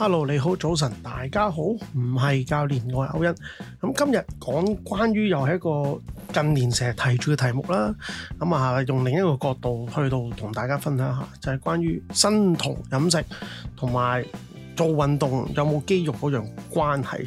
Hello，你好，早晨，大家好，唔係教練，我係歐欣，咁今日講關於又係一個近年成日提住嘅題目啦，咁啊用另一個角度去到同大家分享下，就係關於生酮飲食同埋做運動有冇肌肉嗰樣關係，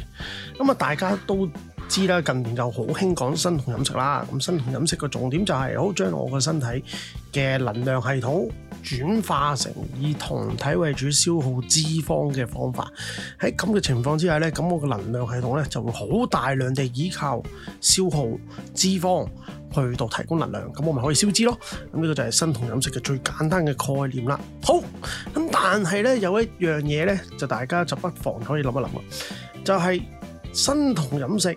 咁啊大家都知啦，近年就好興講生酮飲食啦，咁生酮飲食嘅重點就係好將我個身體嘅能量系統。轉化成以酮體為主消耗脂肪嘅方法，喺咁嘅情況之下呢，咁我嘅能量系統呢，就會好大量地依靠消耗脂肪去到提供能量，咁我咪可以消脂咯。咁呢個就係生酮飲食嘅最簡單嘅概念啦。好，咁但係呢，有一樣嘢呢，就大家就不妨可以諗一諗啊，就係生酮飲食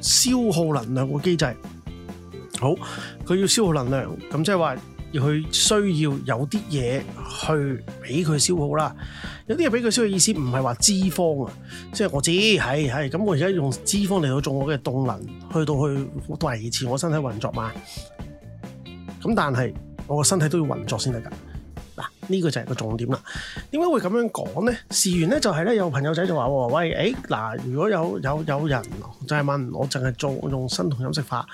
消耗能量嘅機制。好，佢要消耗能量，咁即係話。要佢需要有啲嘢去俾佢消耗啦，有啲嘢俾佢消耗，意思唔係話脂肪啊，即係我知，係，係，咁我而家用脂肪嚟到做我嘅動能，去到去維持我身體運作嘛。咁但係我個身體都要運作先得噶。嗱，呢個就係個重點啦。點解會咁樣講呢？事源呢就係咧，有朋友仔就話，喂，誒，嗱，如果有有有人就係問我，淨係做用生酮飲食法，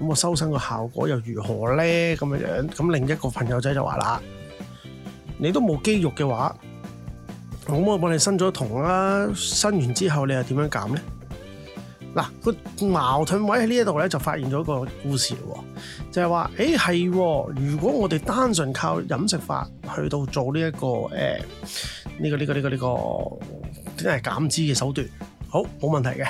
咁我收身個效果又如何呢？」咁樣樣，咁另一個朋友仔就話啦，你都冇肌肉嘅話，咁我幫你生咗酮啦，生完之後你又點樣減呢？嗱，個矛盾位喺呢一度咧，就發現咗一個故事喎，就係話，誒係，如果我哋單純靠飲食法去到做呢、呢個、一個誒，呢、欸呢個呢、呢個呢、呢個呢個真係減脂嘅手段，好冇問題嘅，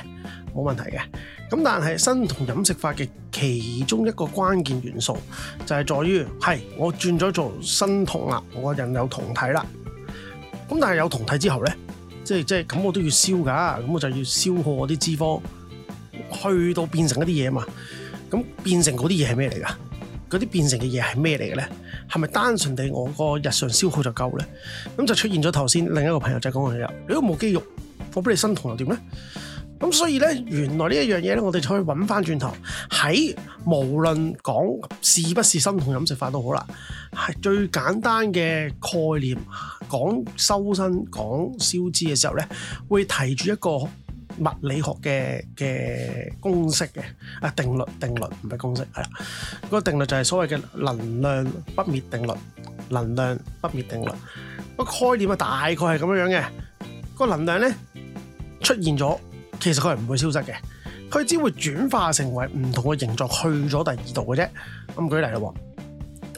冇問題嘅。咁但係生酮飲食法嘅其中一個關鍵元素就係在於，係我轉咗做生酮啦，我人有酮體啦。咁但係有酮體之後咧，即係即係咁，我都要燒㗎，咁我就要消耗我啲脂肪。去到變成一啲嘢嘛，咁變成嗰啲嘢係咩嚟噶？嗰啲變成嘅嘢係咩嚟嘅咧？係咪單純地我個日常消耗就夠咧？咁就出現咗頭先另一個朋友就講嘅嘢，你都冇肌肉，我俾你生酮又點咧？咁所以咧，原來呢一樣嘢咧，我哋就可以揾翻轉頭喺無論講是不是生酮飲食法都好啦，係最簡單嘅概念講修身講消脂嘅時候咧，會提住一個物理學嘅嘅公式嘅，啊定律，定律唔係公式係啦，嗰個定律就係所謂嘅能量不滅定律，能量不滅定律。個概念啊大概係咁樣樣嘅，個能量咧出現咗，其實佢係唔會消失嘅，佢只會轉化成為唔同嘅形狀去咗第二度嘅啫。咁舉例啦，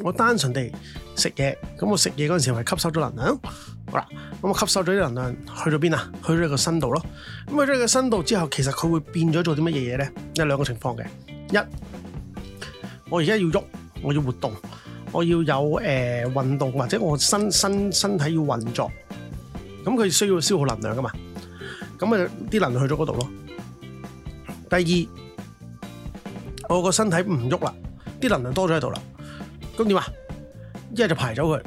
我單純地食嘢，咁我食嘢嗰陣時係吸收咗能量。好啦，咁我吸收咗啲能量去咗邊啊？去咗你個身度咯。咁去咗你個身度之後，其實佢會變咗做啲乜嘢嘢咧？有兩個情況嘅。一，我而家要喐，我要活動，我要有誒運動或者我身身身體要運作，咁佢需要消耗能量噶嘛？咁啊啲能量去咗嗰度咯。第二，我個身體唔喐啦，啲能量多咗喺度啦，咁點啊？一係就排走佢。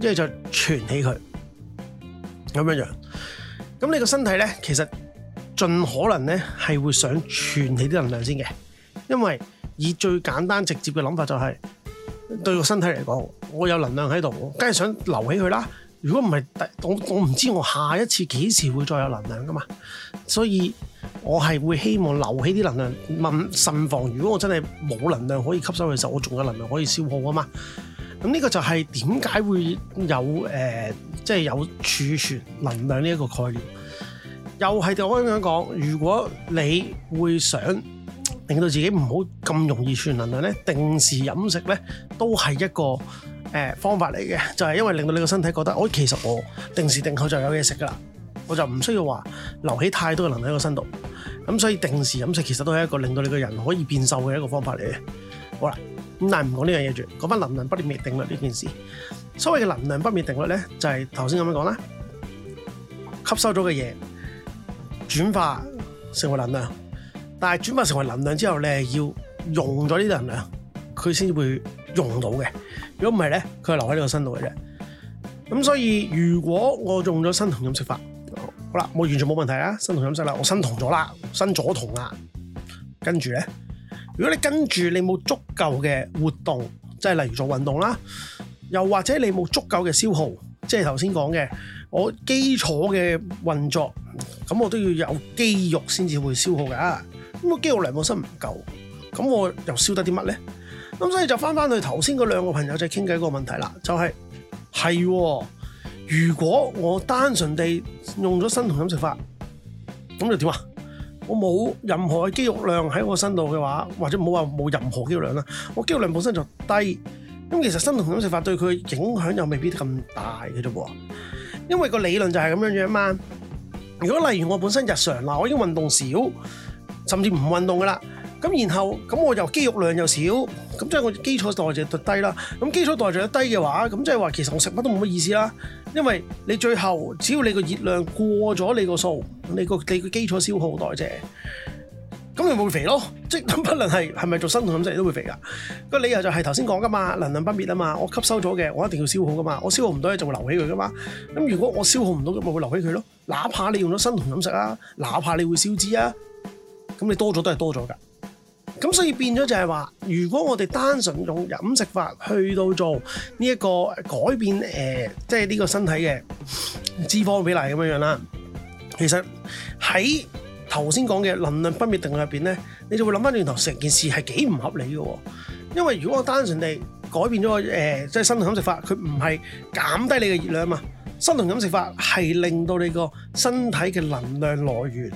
一係就存起佢，咁樣樣，咁你個身體咧，其實盡可能咧係會想存起啲能量先嘅。因為以最簡單直接嘅諗法就係、是，對個身體嚟講，我有能量喺度，我梗係想留起佢啦。如果唔係，我我唔知我下一次幾時會再有能量噶嘛，所以我係會希望留起啲能量。慎防，如果我真係冇能量可以吸收嘅時候，我仲有能量可以消耗啊嘛。咁呢個就係點解會有即係、呃就是、有儲存能量呢一個概念，又係就我咁樣講。如果你會想令到自己唔好咁容易儲存能量呢，定時飲食呢都係一個、呃、方法嚟嘅，就係、是、因為令到你個身體覺得，我其實我定時定候就有嘢食噶啦，我就唔需要話留起太多嘅能量喺個身度。咁所以定時飲食其實都係一個令到你個人可以變瘦嘅一個方法嚟嘅。好啦。咁但係唔講呢樣嘢住，講翻能，能量不滅定律呢件事。所謂嘅能量不滅定律咧，就係頭先咁樣講啦。吸收咗嘅嘢轉化成為能量，但係轉化成為能量之後呢，你要用咗呢啲能量，佢先會用到嘅。如果唔係咧，佢係留喺呢個身度嘅啫。咁所以，如果我用咗生酮飲食法，好啦，我完全冇問題啊，生酮飲食啦，我生酮咗啦，生咗酮啦，跟住咧。如果你跟住你冇足夠嘅活動，即係例如做運動啦，又或者你冇足夠嘅消耗，即係頭先講嘅，我基礎嘅運作，咁我都要有肌肉先至會消耗㗎。咁個肌肉量本身唔夠，咁我又燒得啲乜呢？咁所以就返返去頭先嗰兩個朋友就傾偈嗰個問題啦，就係、是、係、喎，如果我單純地用咗生酮飲食法，咁又點啊？我冇任何肌肉量喺我身度嘅話，或者冇話冇任何肌肉量啦，我肌肉量本身就低，咁其實生酮飲食法對佢影響又未必咁大嘅啫喎，因為個理論就係咁樣樣嘛。如果例如我本身日常嗱，我已經運動少，甚至唔運動噶啦。咁然後咁我又肌肉量又少，咁即係我基礎代謝就低啦。咁基礎代謝低嘅話，咁即係話其實我食乜都冇乜意思啦。因為你最後只要你個熱量過咗你個數，你個你個基礎消耗代謝，咁你就會肥咯。即係不論係係咪做生酮飲食都會肥㗎。個理由就係頭先講噶嘛，能量不滅啊嘛。我吸收咗嘅，我一定要消耗噶嘛。我消耗唔到嘅就會留起佢噶嘛。咁如果我消耗唔到嘅咪會留起佢咯。哪怕你用咗生酮飲食啊，哪怕你會消脂啊，咁你多咗都係多咗㗎。咁所以變咗就係話，如果我哋單純用飲食法去到做呢一個改變，誒、呃，即係呢個身體嘅脂肪比例咁樣樣啦，其實喺頭先講嘅能量不滅定律入邊咧，你就會諗翻轉頭，成件事係幾唔合理嘅。因為如果我單純地改變咗個誒，即係生酮飲食法，佢唔係減低你嘅熱量啊嘛，生酮飲食法係令到你個身體嘅能量來源。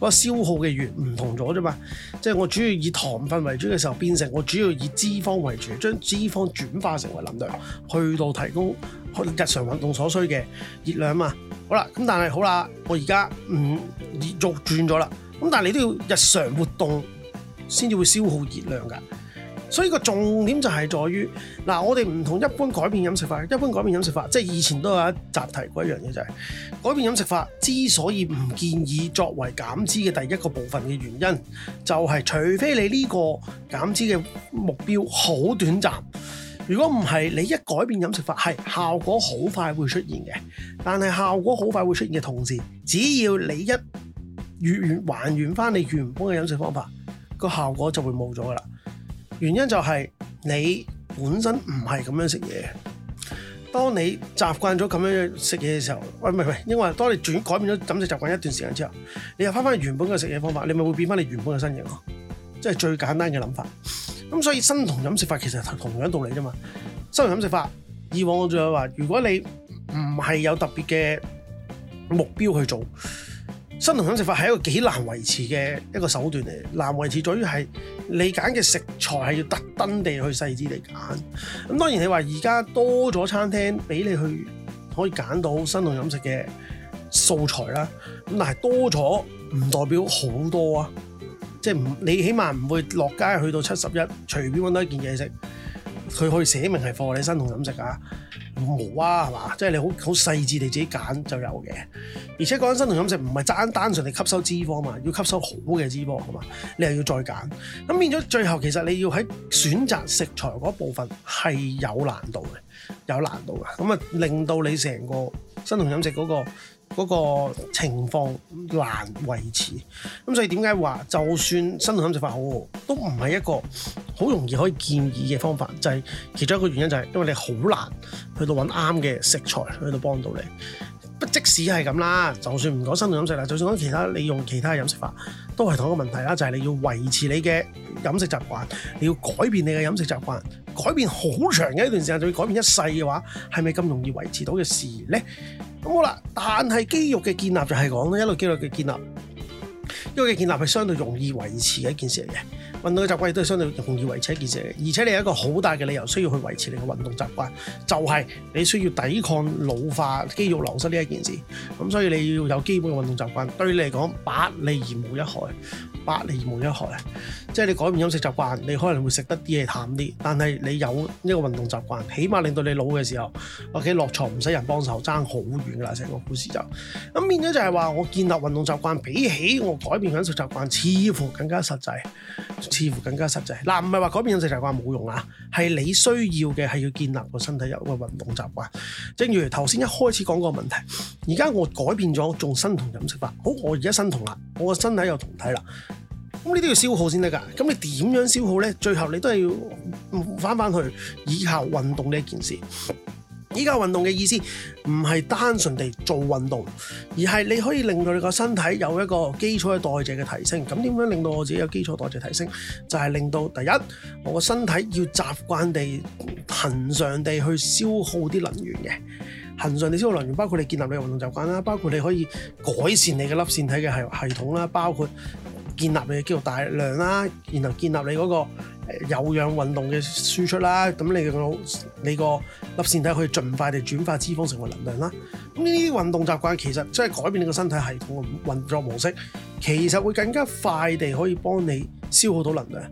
個消耗嘅源唔同咗啫嘛，即係我主要以糖分為主嘅時候，變成我主要以脂肪為主，將脂肪轉化成為能量，去到提高日常運動所需嘅熱量啊嘛。好啦，咁但係好啦，我而家唔熱肉轉咗啦，咁但係你都要日常活動先至會消耗熱量㗎。所以個重點就係在於，嗱，我哋唔同一般改變飲食法，一般改變飲食法，即係以前都有一集提過一樣嘢就係改變飲食法之所以唔建議作為減脂嘅第一個部分嘅原因，就係除非你呢個減脂嘅目標好短暫，如果唔係，你一改變飲食法，係效果好快會出現嘅。但係效果好快會出現嘅同時，只要你一言還原翻你原本嘅飲食方法，個效果就會冇咗噶啦。原因就係你本身唔係咁樣食嘢，當你習慣咗咁樣食嘢嘅時候，喂，唔係唔係，因為當你轉改變咗飲食習慣一段時間之後，你又翻翻原本嘅食嘢方法，你咪會變翻你原本嘅身形咯，即係最簡單嘅諗法。咁所以生酮飲食法其實係同樣道理啫嘛。生酮飲食法以往我仲有話，如果你唔係有特別嘅目標去做。生酮飲食法係一個幾難維持嘅一個手段嚟，難維持在於係你揀嘅食材係要特登地去細緻地揀。咁當然你話而家多咗餐廳俾你去可以揀到生酮飲食嘅素材啦，咁但係多咗唔代表好多啊，即係唔你起碼唔會落街去到七十一隨便揾到一件嘢食。佢可以寫明係畀你生酮飲食啊？冇啊，係嘛？即係你好好細緻你自己揀就有嘅。而且講緊生酮飲食唔係單單純地吸收脂肪啊嘛，要吸收好嘅脂肪啊嘛，你又要再揀。咁變咗最後其實你要喺選擇食材嗰部分係有難度嘅，有難度㗎。咁啊令到你成個生酮飲食嗰個嗰個情況難維持。咁所以點解話就算生酮飲食法好都唔係一個好容易可以建議嘅方法就係、是，其中一個原因就係因為你好難去到揾啱嘅食材去到幫到你。不即使係咁啦，就算唔講生酮飲食啦，就算講其他，你用其他飲食法都係同一個問題啦。就係、是、你要維持你嘅飲食習慣，你要改變你嘅飲食習慣，改變好長嘅一段時間，仲要改變一世嘅話，係咪咁容易維持到嘅事呢？咁好啦，但係肌肉嘅建立就係講咧，一路肌肉嘅建立，因為嘅建立係相對容易維持嘅一件事嚟嘅。運動嘅習慣亦都係相對容易維持一件事嘅，而且你有一個好大嘅理由需要去維持你嘅運動習慣，就係你需要抵抗老化、肌肉流失呢一件事，咁所以你要有基本嘅運動習慣，對你嚟講百利而無一害。百利而冇一害，即係你改變飲食習慣，你可能會食得啲嘢淡啲，但係你有呢個運動習慣，起碼令到你老嘅時候，我哋 OK？落床唔使人幫手，爭好遠啦！成個故事就咁變咗，就係話我建立運動習慣，比起我改變飲食習慣，似乎更加實際，似乎更加實際。嗱，唔係話改變飲食習慣冇用啊，係你需要嘅係要建立個身體有個運動習慣。正如頭先一開始講個問題，而家我改變咗，仲生酮飲食法，好，我而家生酮啦，我個身體有酮體啦。咁呢啲要消耗先得噶，咁你點樣消耗呢？最後你都係要翻翻去，依靠運動呢件事。依家運動嘅意思唔係單純地做運動，而係你可以令到你個身體有一個基礎嘅代謝嘅提升。咁點樣令到我自己有基礎代謝提升？就係、是、令到第一，我個身體要習慣地恆常地去消耗啲能源嘅。恆常地消耗能源，包括你建立你嘅運動習慣啦，包括你可以改善你嘅粒線體嘅係系統啦，包括。建立你嘅肌肉大量啦，然後建立你嗰個有氧運動嘅輸出啦，咁你個你個粒線體可以盡快地轉化脂肪成為能量啦。咁呢啲運動習慣其實即係改變你個身體系統嘅運作模式，其實會更加快地可以幫你消耗到能量。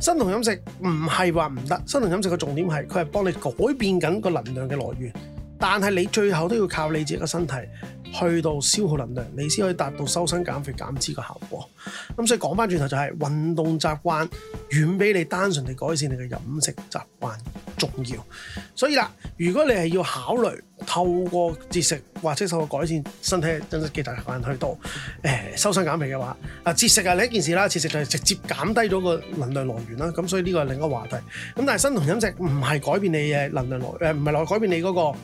生動飲食唔係話唔得，生動飲食嘅重點係佢係幫你改變緊個能量嘅來源，但係你最後都要靠你自己個身體。去到消耗能量，你先可以達到修身減肥減脂嘅效果。咁所以講翻轉頭就係、是、運動習慣遠比你單純地改善你嘅飲食習慣重要。所以啦，如果你係要考慮透過節食或者透過改善身體嘅真實基礎嚟去到誒修身減肥嘅話，啊節食係另一件事啦，節食就係直接減低咗個能量來源啦。咁所以呢個係另一個話題。咁但係生酮飲食唔係改變你嘅能量來誒，唔係來改變你嗰、那個。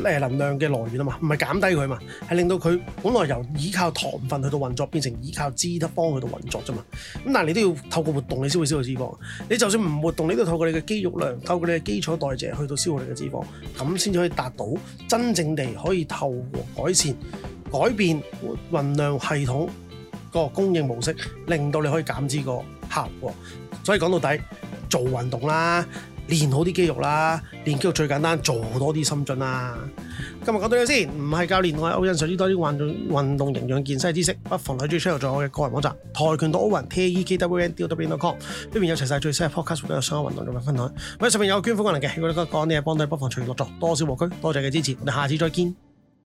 誒能量嘅來源啊嘛，唔係減低佢嘛，係令到佢本來由依靠糖分去到運作變成依靠脂肪去到運作啫嘛。咁但係你都要透過活動你先會消耗脂肪，你就算唔活動，你都透過你嘅肌肉量、透過你嘅基礎代謝去到消耗你嘅脂肪，咁先至可以達到真正地可以透過改善、改變運量系統個供應模式，令到你可以減脂個效果。所以講到底，做運動啦。練好啲肌肉啦，練肌肉最簡單，做多啲深蹲啦。今日講到呢度先，唔係教練 Owen，我認識啲多啲運動運動營養健身知識，不妨嚟追 share 在我嘅個人網站跆拳道 Owen taekwondowen.com，呢邊有齊晒最新嘅 podcast，都有相關運動嘅分享。喂，上面有捐款功能嘅，如果你覺得講啲嘢幫到你，不妨隨意落作。多謝無區，多謝你嘅支持，我哋下次再見。